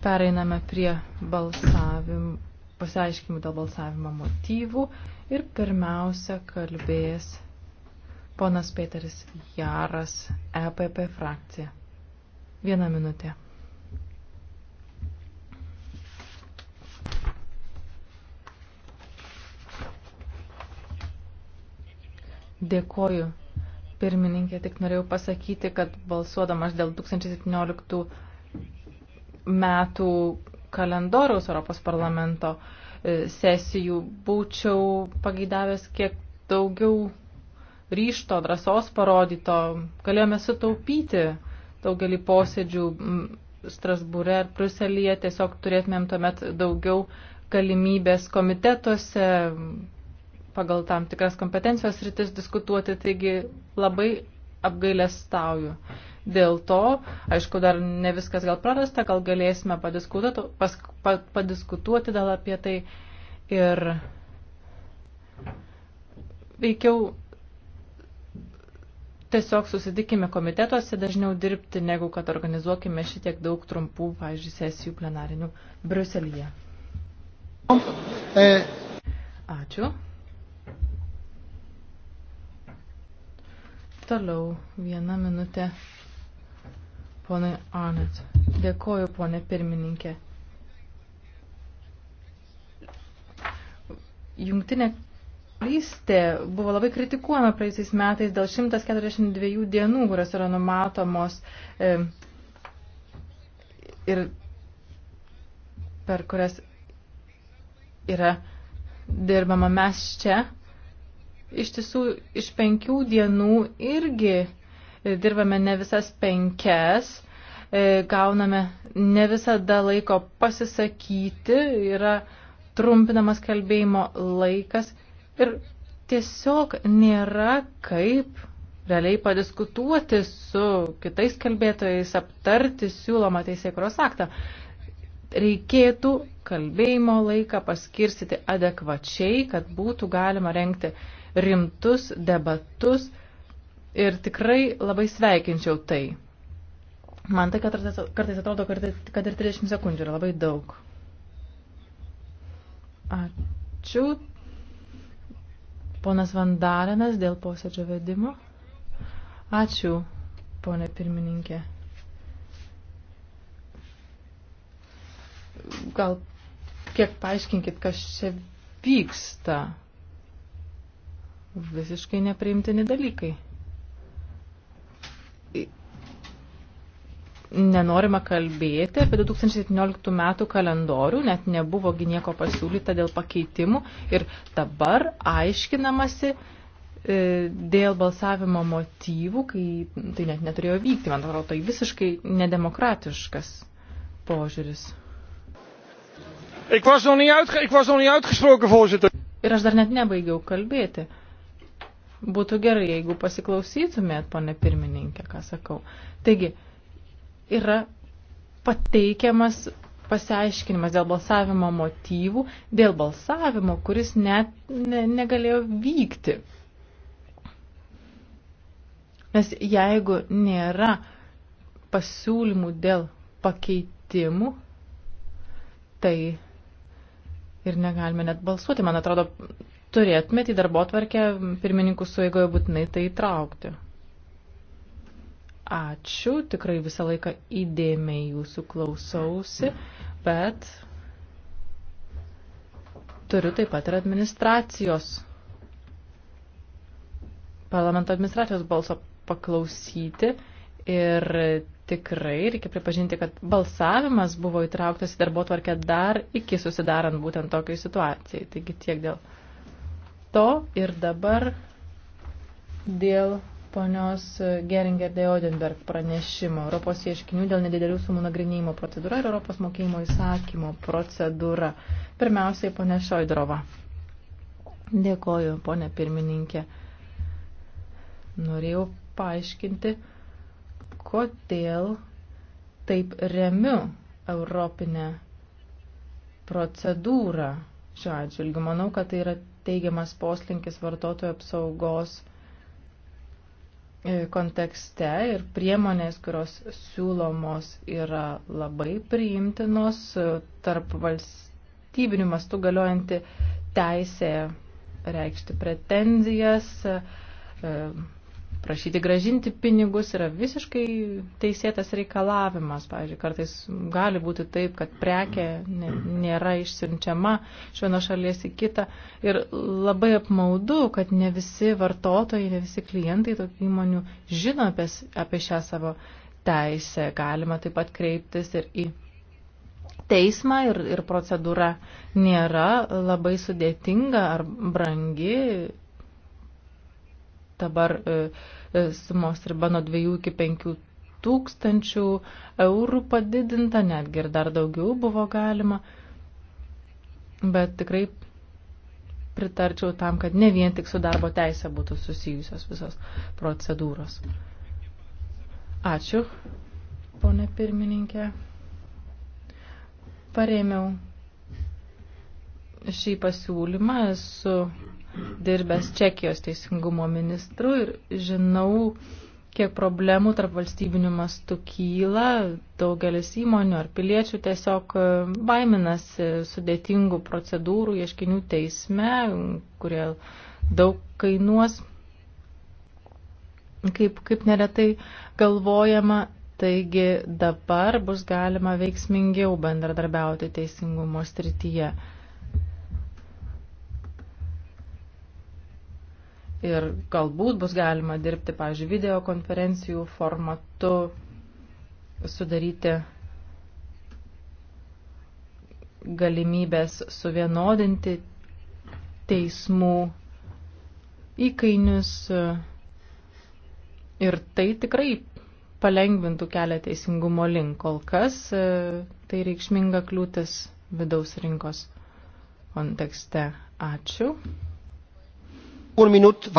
Pereiname prie balsavim, pasiaiškimų dėl balsavimo motyvų ir pirmiausia kalbės ponas Peteris Jaras, EPP frakcija. Vieną minutę. Dėkoju, pirmininkė, tik norėjau pasakyti, kad balsuodamas dėl 2017 metų kalendoriaus Europos parlamento e, sesijų. Būčiau pageidavęs kiek daugiau ryšto, drąsos parodyto. Galėjome sutaupyti daugelį posėdžių Strasbūre ar Bruselėje. Tiesiog turėtumėm tuomet daugiau galimybės komitetuose pagal tam tikras kompetencijos rytis diskutuoti. Taigi labai apgailestauju. Dėl to, aišku, dar ne viskas gal prarasta, gal galėsime padiskutuoti, pas, pa, padiskutuoti dėl apie tai ir veikiau tiesiog susitikime komitetuose dažniau dirbti, negu kad organizuokime šitiek daug trumpų, pavyzdžiui, sesijų plenarinių Briuselyje. Eh. Ačiū. Toliau vieną minutę ponai Arnett. Dėkoju, ponė pirmininkė. Jungtinė karalystė buvo labai kritikuojama praeisiais metais dėl 142 dienų, kurios yra numatomos e, ir per kurias yra dirbama mes čia iš tiesų iš penkių dienų irgi e, dirbame ne visas penkias, e, gauname ne visada laiko pasisakyti, yra trumpinamas kalbėjimo laikas ir tiesiog nėra kaip realiai padiskutuoti su kitais kalbėtojais, aptarti siūlomą teisėkuros aktą. Reikėtų kalbėjimo laiką paskirstyti adekvačiai, kad būtų galima renkti uh, rimtus debatus ir tikrai labai sveikinčiau tai. Man tai kartais atrodo, kad ir 30 sekundžių yra labai daug. Ačiū. Ponas Vandalinas dėl posėdžio vedimo. Ačiū, ponė pirmininkė. Gal kiek paaiškinkit, kas čia vyksta? visiškai nepriimtini dalykai. Nenorima kalbėti apie 2017 metų kalendorių, net nebuvogi nieko pasiūlyta dėl pakeitimų ir dabar aiškinamasi e, dėl balsavimo motyvų, kai tai net neturėjo vykti, man atrodo, tai visiškai nedemokratiškas požiūris. Ik was nog niet uitgesproken, voorzitter. Ir aš dar net nebaigiau kalbėti. Būtų gerai, jeigu pasiklausytumėt, ponė pirmininkė, ką sakau. Taigi, yra pateikiamas pasiaiškinimas dėl balsavimo motyvų, dėl balsavimo, kuris net ne, negalėjo vykti. Nes jeigu nėra pasiūlymų dėl pakeitimų, tai ir negalime net balsuoti. Man atrodo, turėtumėt į darbo tvarkę pirmininkų sueigoje būtinai tai įtraukti. Ačiū, tikrai visą laiką įdėmiai jūsų klausausi, bet turiu taip pat ir administracijos, parlamento administracijos balso paklausyti ir tikrai reikia pripažinti, kad balsavimas buvo įtrauktas į darbo tvarkę dar iki susidarant būtent tokiai situacijai. Taigi tiek dėl to ir dabar dėl ponios Geringer de Odenberg pranešimo Europos ieškinių dėl nedidelių sumų nagrinėjimo procedūra ir Europos mokėjimo įsakymo procedūra. Pirmiausiai, ponė Šoidrova. Dėkoju, ponė pirmininkė. Norėjau paaiškinti, kodėl taip remiu europinę procedūrą šiuo atžvilgiu. Manau, kad tai yra teigiamas poslinkis vartotojų apsaugos e, kontekste ir priemonės, kurios siūlomos, yra labai priimtinos e, tarp valstybinių mastų galiojanti teisė reikšti pretenzijas, e, prašyti gražinti pinigus yra visiškai teisėtas reikalavimas. Pavyzdžiui, kartais gali būti taip, kad prekė nėra išsiunčiama iš vienos šalies į kitą. Ir labai apmaudu, kad ne visi vartotojai, ne visi klientai tokių įmonių žino apie, apie šią savo teisę. Galima taip pat kreiptis ir į teismą ir, ir procedūra nėra labai sudėtinga ar brangi dabar e, e, sumos riba nuo 2 iki 5 tūkstančių eurų padidinta, netgi ir dar daugiau buvo galima. Bet tikrai pritarčiau tam, kad ne vien tik su darbo teisė būtų susijusios visos procedūros. Ačiū, ponė pirmininkė. Parėmiau šį pasiūlymą su dirbęs Čekijos teisingumo ministru ir žinau, kiek problemų tarp valstybinių mastų kyla, daugelis įmonių ar piliečių tiesiog e, baiminasi sudėtingų procedūrų ieškinių teisme, kurie daug kainuos, kaip, kaip neretai galvojama. Taigi dabar bus galima veiksmingiau bendradarbiauti teisingumo srityje. ir galbūt bus galima dirbti, pavyzdžiui, videokonferencijų formatu, sudaryti galimybės suvienodinti teismų įkainius ir tai tikrai palengvintų kelią teisingumo link. Kol kas e, tai reikšminga kliūtis vidaus rinkos kontekste. Ačiū. Minut,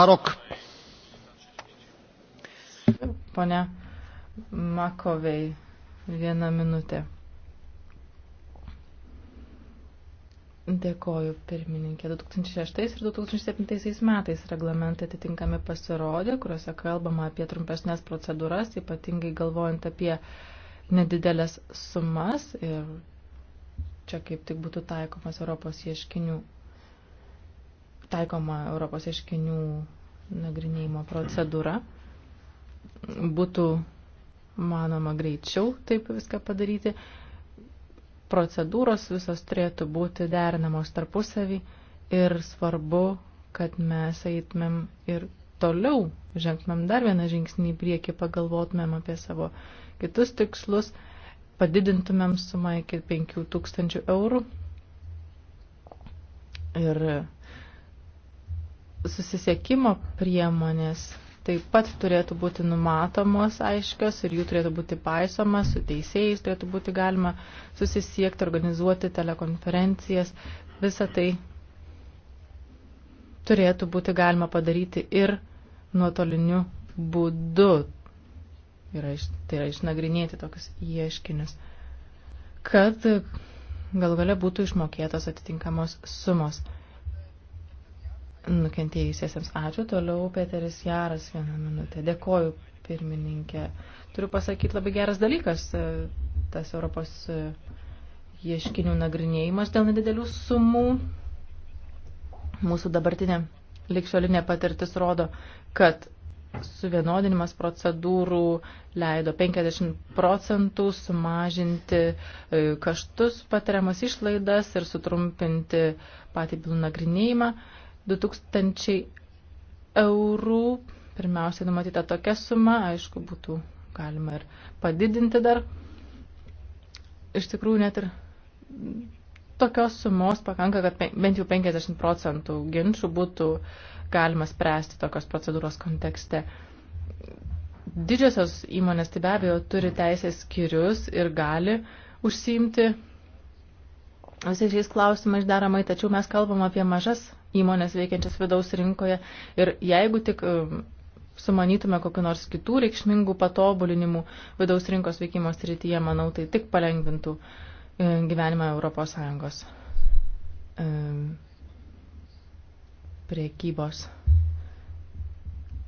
Pone Makovei, vieną minutę. Dėkoju, pirmininkė. 2006 ir 2007 metais reglamentai atitinkami pasirodė, kuriuose kalbama apie trumpesnės procedūras, ypatingai galvojant apie nedidelės sumas ir čia kaip tik būtų taikomas Europos ieškinių taikoma Europos ieškinių nagrinėjimo procedūra. Būtų manoma greičiau taip viską padaryti. Procedūros visos turėtų būti derinamos tarpusavį ir svarbu, kad mes eitumėm ir toliau, žengtumėm dar vieną žingsnį į priekį, pagalvotumėm apie savo kitus tikslus, padidintumėm sumą iki 5000 eurų ir susisiekimo priemonės taip pat turėtų būti numatomos aiškios ir jų turėtų būti paisoma, su teisėjais turėtų būti galima susisiekti, organizuoti telekonferencijas. Visą tai turėtų būti galima padaryti ir nuotoliniu būdu. Yra, tai yra išnagrinėti tokius ieškinius, kad gal galia būtų išmokėtos atitinkamos sumos nukentėjusiesiems. Ačiū. Toliau Peteris Jaras vieną minutę. Dėkoju, pirmininkė. Turiu pasakyti, labai geras dalykas e, tas Europos e, ieškinių nagrinėjimas dėl nedidelių sumų. Mūsų dabartinė likščiolinė patirtis rodo, kad suvienodinimas procedūrų leido 50 procentų sumažinti e, kaštus patiriamas išlaidas ir sutrumpinti patį bylų nagrinėjimą. 2000 eurų. Pirmiausiai numatyta tokia suma, aišku, būtų galima ir padidinti dar. Iš tikrųjų, net ir tokios sumos pakanka, kad bent jau 50 procentų ginčių būtų galima spręsti tokios procedūros kontekste. Didžiosios įmonės tai be abejo turi teisės skirius ir gali užsiimti visais šiais klausimais deramai, tačiau mes kalbam apie mažas įmonės veikiančias vidaus rinkoje ir jeigu tik e, sumanytume kokiu nors kitų reikšmingų patobulinimų vidaus rinkos veikimo srityje, manau, tai tik palengvintų e, gyvenimą Europos Sąjungos e, priekybos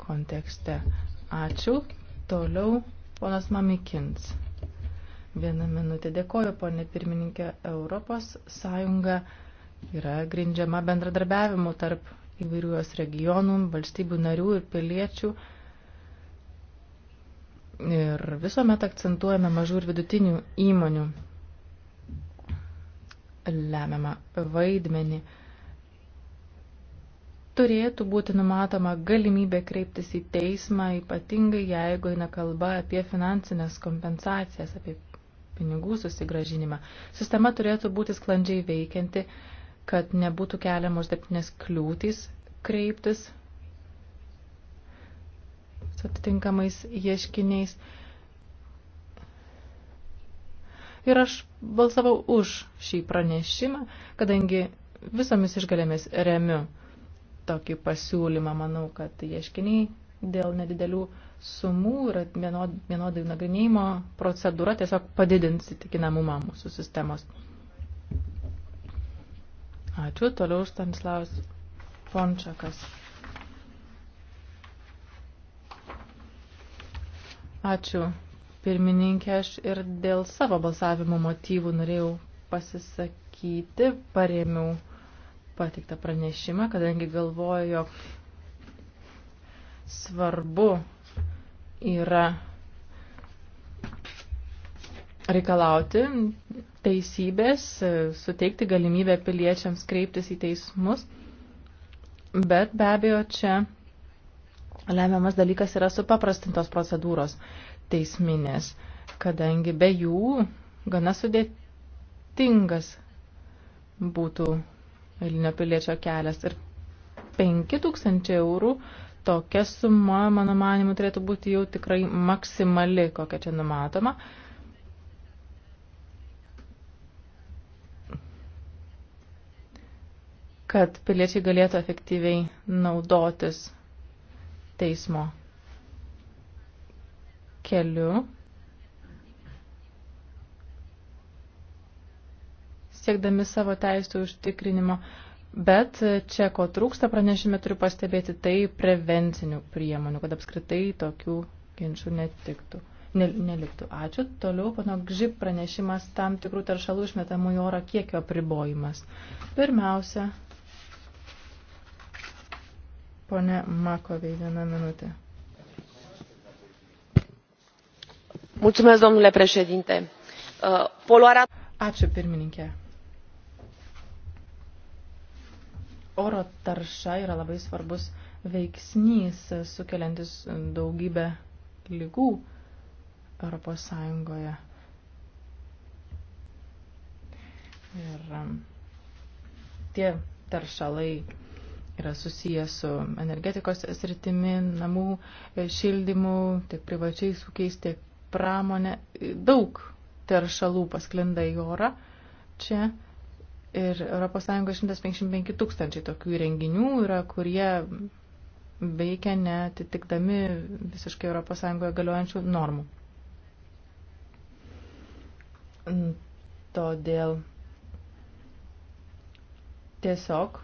kontekste. Ačiū. Toliau ponas Mamikins. Vieną minutę dėkoju, ponė pirmininkė. Europos Sąjunga yra grindžiama bendradarbiavimu tarp įvairių jos regionų, valstybių narių ir piliečių. Ir visuomet akcentuojame mažų ir vidutinių įmonių lemiamą vaidmenį. Turėtų būti numatoma galimybė kreiptis į teismą, ypatingai jeigu eina kalba apie finansinės kompensacijas, apie pinigų susigražinimą. Sistema turėtų būti sklandžiai veikianti, kad nebūtų keliamos darbinės kliūtys kreiptis su atitinkamais ieškiniais. Ir aš balsavau už šį pranešimą, kadangi visomis išgalėmis remiu tokį pasiūlymą. Manau, kad ieškiniai dėl nedidelių sumų ir vienodai nagrinėjimo procedūra tiesiog padidins įtikinamumą mūsų sistemos. Ačiū. Toliau Stanislavas Pončakas. Ačiū. Pirmininkė, aš ir dėl savo balsavimo motyvų norėjau pasisakyti, paremiau patiktą pranešimą, kadangi galvoju, jog svarbu yra reikalauti teisybės, suteikti galimybę piliečiams kreiptis į teismus, bet be abejo čia lemiamas dalykas yra supaprastintos procedūros teisminės, kadangi be jų gana sudėtingas būtų eilinio piliečio kelias ir 5000 eurų tokia suma, mano manimu, turėtų būti jau tikrai maksimali, kokia čia numatoma. kad piliečiai galėtų efektyviai naudotis teismo keliu, siekdami savo teisų užtikrinimo. Uh, Bet čia ko trūksta pranešime turiu pastebėti tai prevencinių priemonių, kad apskritai tokių ginčių netiktų. Ne, neliktų. Ačiū. Toliau, pano Gžip, pranešimas tam tikrų taršalų išmetamų į orą kiekio apribojimas. Pirmiausia, pone Makovei, vieną minutę. Mulțumesc, domnule președinte. Uh, poluarea... Ačiū, pirmininkė. oro tarša yra labai svarbus veiksnys, sukeliantis daugybę lygų Europos Sąjungoje. Ir um, tie taršalai yra susijęs su energetikos sritimi, namų e, šildymu, tiek privačiais ūkiais, tiek pramonė. Daug teršalų pasklinda į orą. Čia Ir ES 155 tūkstančiai tokių įrenginių yra, kurie veikia netitikdami visiškai ES galiojančių normų. Todėl tiesiog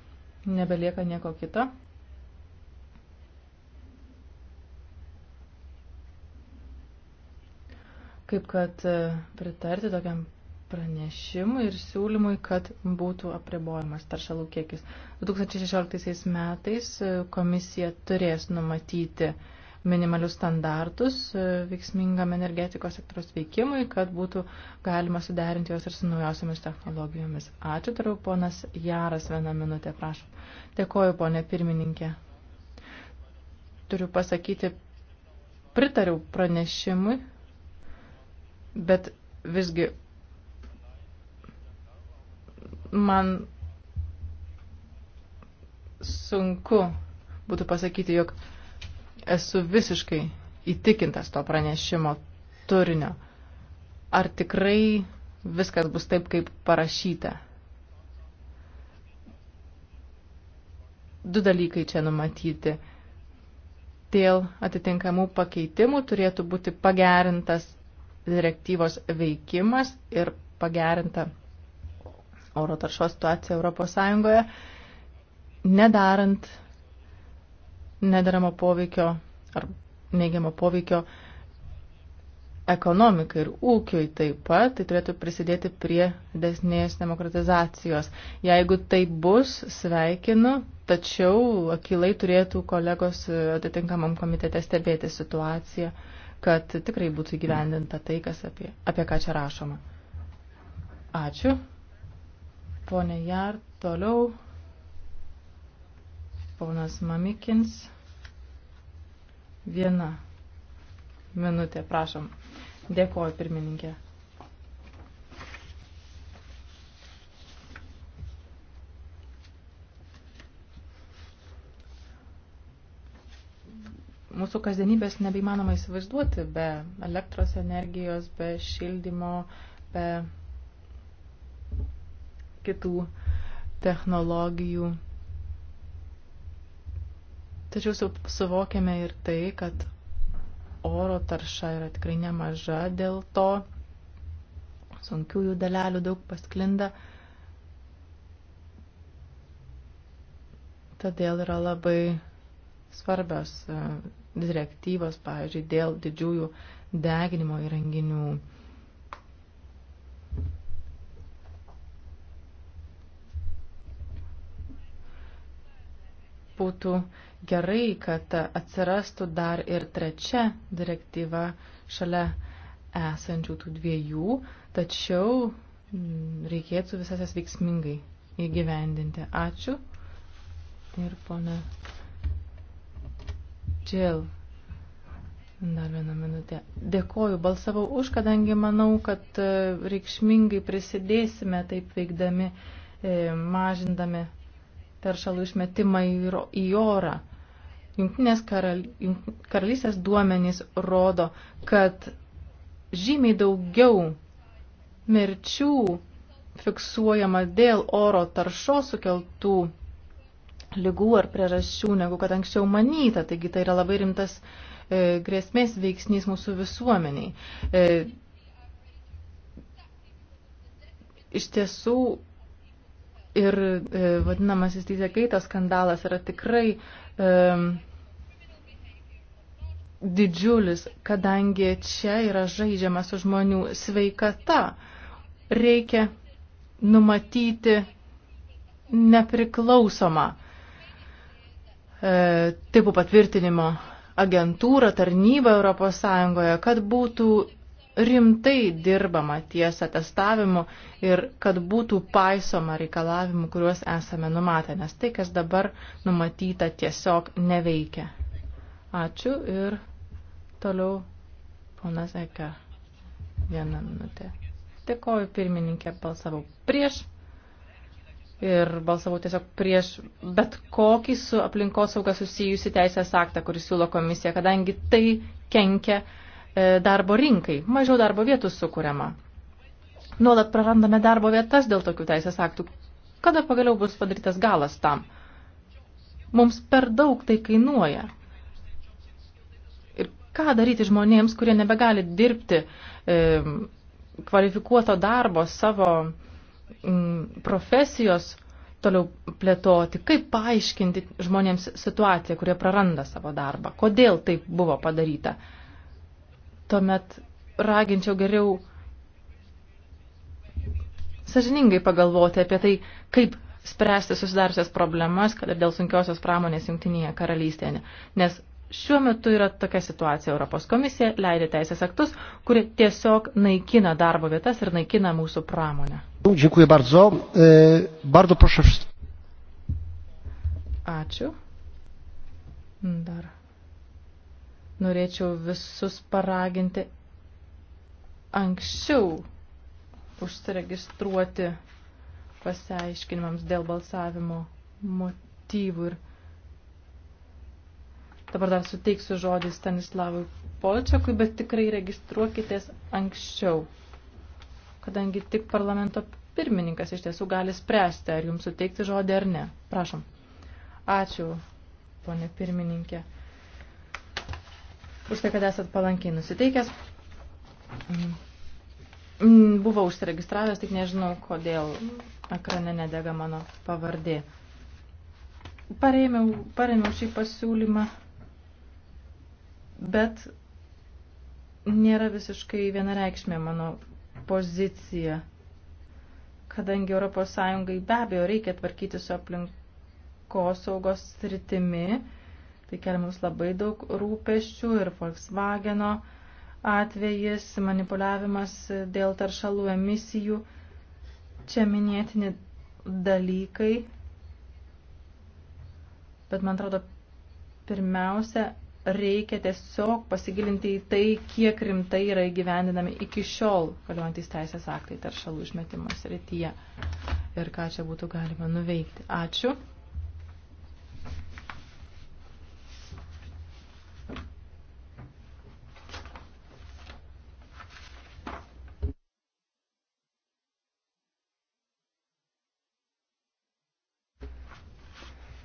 nebelieka nieko kito. Kaip kad pritarti tokiam pranešimui ir siūlymui, kad būtų apribojamas taršalų kiekis. 2016 metais e, komisija turės numatyti minimalius standartus e, veiksmingam energetikos sektoriaus veikimui, kad būtų galima suderinti juos ir su naujausiamis technologijomis. Ačiū, tariau, ponas Jaras, vieną minutę, prašau. Dėkoju, ponė pirmininkė. Turiu pasakyti, pritariau pranešimui, bet visgi man sunku būtų pasakyti, jog esu visiškai įtikintas to pranešimo turinio. Ar tikrai viskas bus taip, kaip parašyta? Du dalykai čia numatyti. Dėl atitinkamų pakeitimų turėtų būti pagerintas direktyvos veikimas ir pagerinta oro taršos situaciją Europos Sąjungoje, nedarant nedaramo poveikio ar neigiamo poveikio ekonomikai ir ūkiui taip pat, tai turėtų prisidėti prie desnės demokratizacijos. Jeigu tai bus, sveikinu, tačiau akilai turėtų kolegos atitinkamam komitete stebėti situaciją, kad tikrai būtų įgyvendinta tai, kas apie, apie ką čia rašoma. Ačiū. Pone Jar, toliau. Ponas Mamikins. Viena minutė, prašom. Dėkoju, pirmininkė. mūsų kasdienybės nebeįmanoma įsivaizduoti be elektros energijos, be šildymo, be kitų technologijų. Tačiau suvokiame ir tai, kad oro tarša yra tikrai nemaža dėl to, sunkiųjų dalelių daug pasklinda. Todėl yra labai svarbios e, direktyvos, pavyzdžiui, dėl didžiųjų deginimo įrenginių būtų gerai, kad atsirastų dar ir trečia direktyva šalia esančių tų dviejų, tačiau mm, reikėtų visas jas veiksmingai įgyvendinti. Ačiū. Ir pone Džil. Dar vieną minutę. Dėkoju, balsavau už, kadangi manau, kad e, reikšmingai prisidėsime taip veikdami, e, mažindami teršalų išmetimą į orą. Junktinės karal, karalystės duomenys rodo, kad žymiai daugiau mirčių fiksuojama dėl oro taršos sukeltų lygų ar priežasčių, negu kad anksčiau manyta. Taigi tai yra labai rimtas e, grėsmės veiksnys mūsų visuomeniai. E, iš tiesų Ir e, vadinamasis teisėkaito skandalas yra tikrai e, didžiulis, kadangi čia yra žaidžiama su žmonių sveikata. Reikia numatyti nepriklausomą e, tipų patvirtinimo agentūrą, tarnybą ES, kad būtų rimtai dirbama ties atestavimu ir kad būtų paisoma reikalavimų, kuriuos esame numatę, nes tai, kas dabar numatyta, tiesiog neveikia. Ačiū ir toliau ponas Eka. Vieną minutę. Dėkoju pirmininkė, balsavau prieš ir balsavau tiesiog prieš bet kokį su aplinkosauga susijusi teisės aktą, kuris siūlo komisija, kadangi tai kenkia uh, E, darbo rinkai, mažiau darbo vietų sukūriama. Nuolat prarandame darbo vietas dėl tokių teisės aktų. Kada pagaliau bus padarytas galas tam? Mums per daug tai kainuoja. Ir ką daryti žmonėms, kurie nebegali dirbti e, kvalifikuoto darbo savo m, profesijos toliau plėtoti, kaip paaiškinti žmonėms situaciją, kurie praranda savo darbą, kodėl taip buvo padaryta tuomet raginčiau geriau sažiningai pagalvoti apie tai, kaip spręsti susidariusias problemas, kad ir dėl sunkiosios pramonės jungtinėje karalystėje. Nes šiuo metu yra tokia situacija. Europos komisija leidė teisės aktus, kurie tiesiog naikina darbo vietas ir naikina mūsų pramonę. Dziękuję bardzo. E, bardzo proszę. Ačiū. Dar norėčiau visus paraginti anksčiau užsiregistruoti pasiaiškinimams dėl balsavimo motyvų. Ir dabar dar suteiksiu žodį Stanislavui Polčiakui, bet tikrai registruokitės anksčiau, kadangi tik parlamento pirmininkas iš tiesų gali spręsti, ar jums suteikti žodį ar ne. Prašom. Ačiū, ponė pirmininkė už tai, kad esat palankiai nusiteikęs. Mm, Buvo užsiregistravęs, tik nežinau, kodėl ekrane nedega mano pavardė. Parėmiau, parėmiau šį pasiūlymą, bet nėra visiškai vienareikšmė mano pozicija, kadangi ES be abejo reikia tvarkyti su aplinkosaugos sritimi Tai kelia mums labai daug rūpeščių ir Volkswageno atvejis, manipuliavimas dėl taršalų emisijų. Čia minėtini dalykai. Bet man atrodo, pirmiausia, reikia tiesiog pasigilinti į tai, kiek rimtai yra įgyvendinami iki šiol galiuojantys teisės aktai taršalų išmetimo srityje ir ką čia būtų galima nuveikti. Ačiū.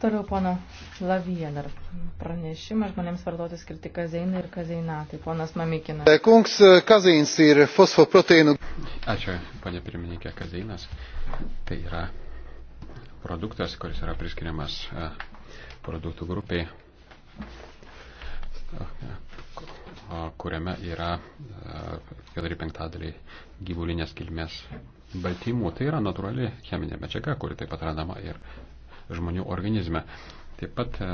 Toliau pono Lavija dar pranešimas žmonėms vartoti skirti kazeinai ir kazeinatai. Ponas Mamikina. E, kungs, e, kazeins ir fosfoproteinų. Ačiū, ponė pirmininkė, kazeinas. Tai yra produktas, kuris yra priskiriamas e, produktų grupiai, kuriame yra 4 penktadaliai gyvulinės kilmės baltymų. Tai yra natūrali cheminė medžiaga, kuri taip pat randama ir žmonių organizme. Taip pat e,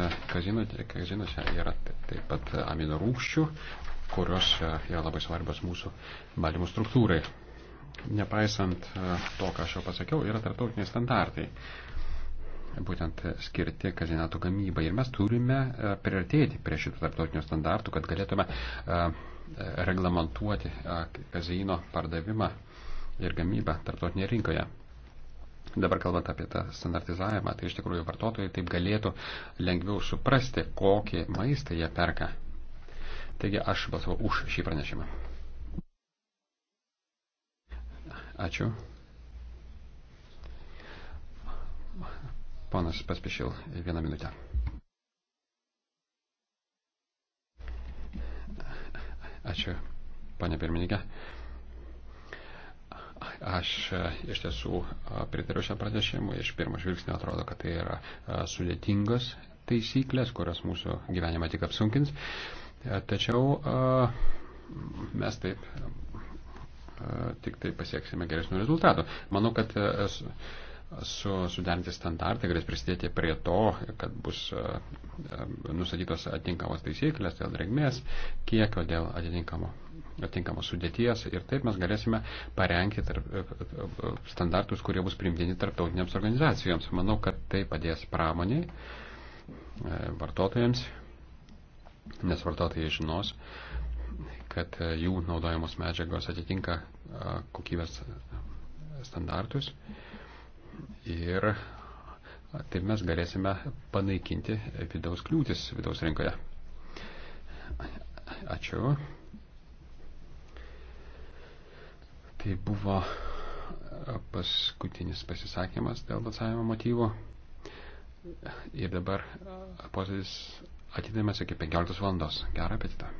kazinose yra taip pat amino rūkščių, kurios e, yra labai svarbios mūsų balymų struktūrai. Nepaisant e, to, ką aš jau pasakiau, yra tarptautiniai standartai būtent skirti kazinatų gamybai. Ir mes turime priartėti prie šitų tarptautinių standartų, kad galėtume reglamentuoti kazino pardavimą ir gamybą tarptautinėje rinkoje. Dabar kalbant apie tą standartizavimą, tai iš tikrųjų vartotojai taip galėtų lengviau suprasti, kokį maistą jie perka. Taigi aš balsavau už šį pranešimą. Ačiū. Ponas Paspešil, vieną minutę. Ačiū, ponė pirmininkė. Aš e, iš tiesų e, pritariu šiam pranešimui. Iš pirmo žvilgsnio atrodo, kad tai yra e, sudėtingos taisyklės, kurios mūsų gyvenimą tik apsunkins. Tačiau mes taip tik tai pasieksime geresnių rezultatų. Manau, kad su suderinti standartai galės prisidėti prie to, kad bus nustatytos atitinkamos taisyklės dėl regmės, kiekio dėl atitinkamo tinkamos sudėties ir taip mes galėsime parengti tarp, e, e, e, standartus, kurie bus primtini tarptautinėms organizacijoms. Manau, kad tai padės pramoniai, vartotojams, nes vartotojai žinos, kad jų naudojamos medžiagos atitinka kokybės standartus ir taip mes galėsime panaikinti vidaus kliūtis vidaus rinkoje. Ačiū. Tai buvo e, paskutinis pasisakymas dėl balsavimo motyvų. Ir dabar e, posėdis atidamas iki 15 valandos. Gerą apetitą.